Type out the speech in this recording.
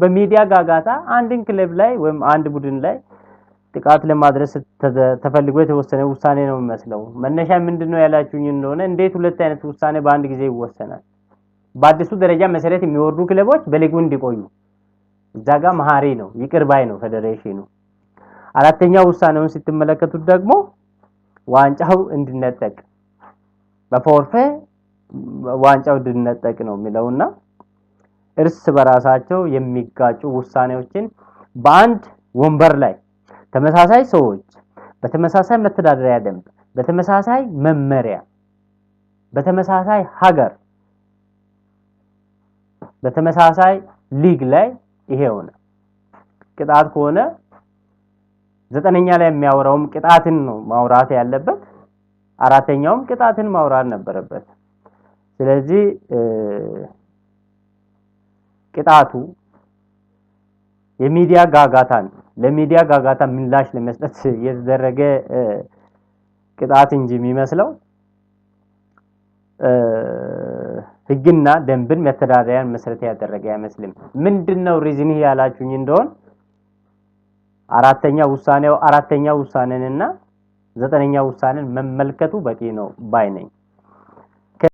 በሚዲያ ጋጋታ አንድን ክለብ ላይ ወይም አንድ ቡድን ላይ ጥቃት ለማድረስ ተፈልጎ የተወሰነ ውሳኔ ነው የሚመስለው። መነሻ ምንድነው ያላችሁኝ እንደሆነ እንዴት ሁለት አይነት ውሳኔ በአንድ ጊዜ ይወሰናል? በአዲሱ ደረጃ መሰረት የሚወርዱ ክለቦች በሊጉ እንዲቆዩ እዛ ጋር መሀሪ ነው ይቅር ባይ ነው ፌዴሬሽኑ። አራተኛ ውሳኔውን ስትመለከቱት ደግሞ ዋንጫው እንዲነጠቅ በፎርፌ ዋንጫው እንዲነጠቅ ነው የሚለውና እርስ በራሳቸው የሚጋጩ ውሳኔዎችን በአንድ ወንበር ላይ ተመሳሳይ ሰዎች በተመሳሳይ መተዳደሪያ ደንብ፣ በተመሳሳይ መመሪያ፣ በተመሳሳይ ሀገር፣ በተመሳሳይ ሊግ ላይ ይሄ ሆነ። ቅጣት ከሆነ ዘጠነኛ ላይ የሚያወራውም ቅጣትን ነው ማውራት ያለበት። አራተኛውም ቅጣትን ማውራት ነበረበት። ስለዚህ ቅጣቱ የሚዲያ ጋጋታን ለሚዲያ ጋጋታ ምላሽ ለመስጠት የተደረገ ቅጣት እንጂ የሚመስለው ህግና ደንብን መተዳደሪያን መሰረት ያደረገ አይመስልም። ምንድነው ሪዝን ያላችሁኝ እንደሆን አራተኛ ውሳኔው አራተኛ ውሳኔንና ዘጠነኛ ውሳኔን መመልከቱ በቂ ነው ባይ ነኝ።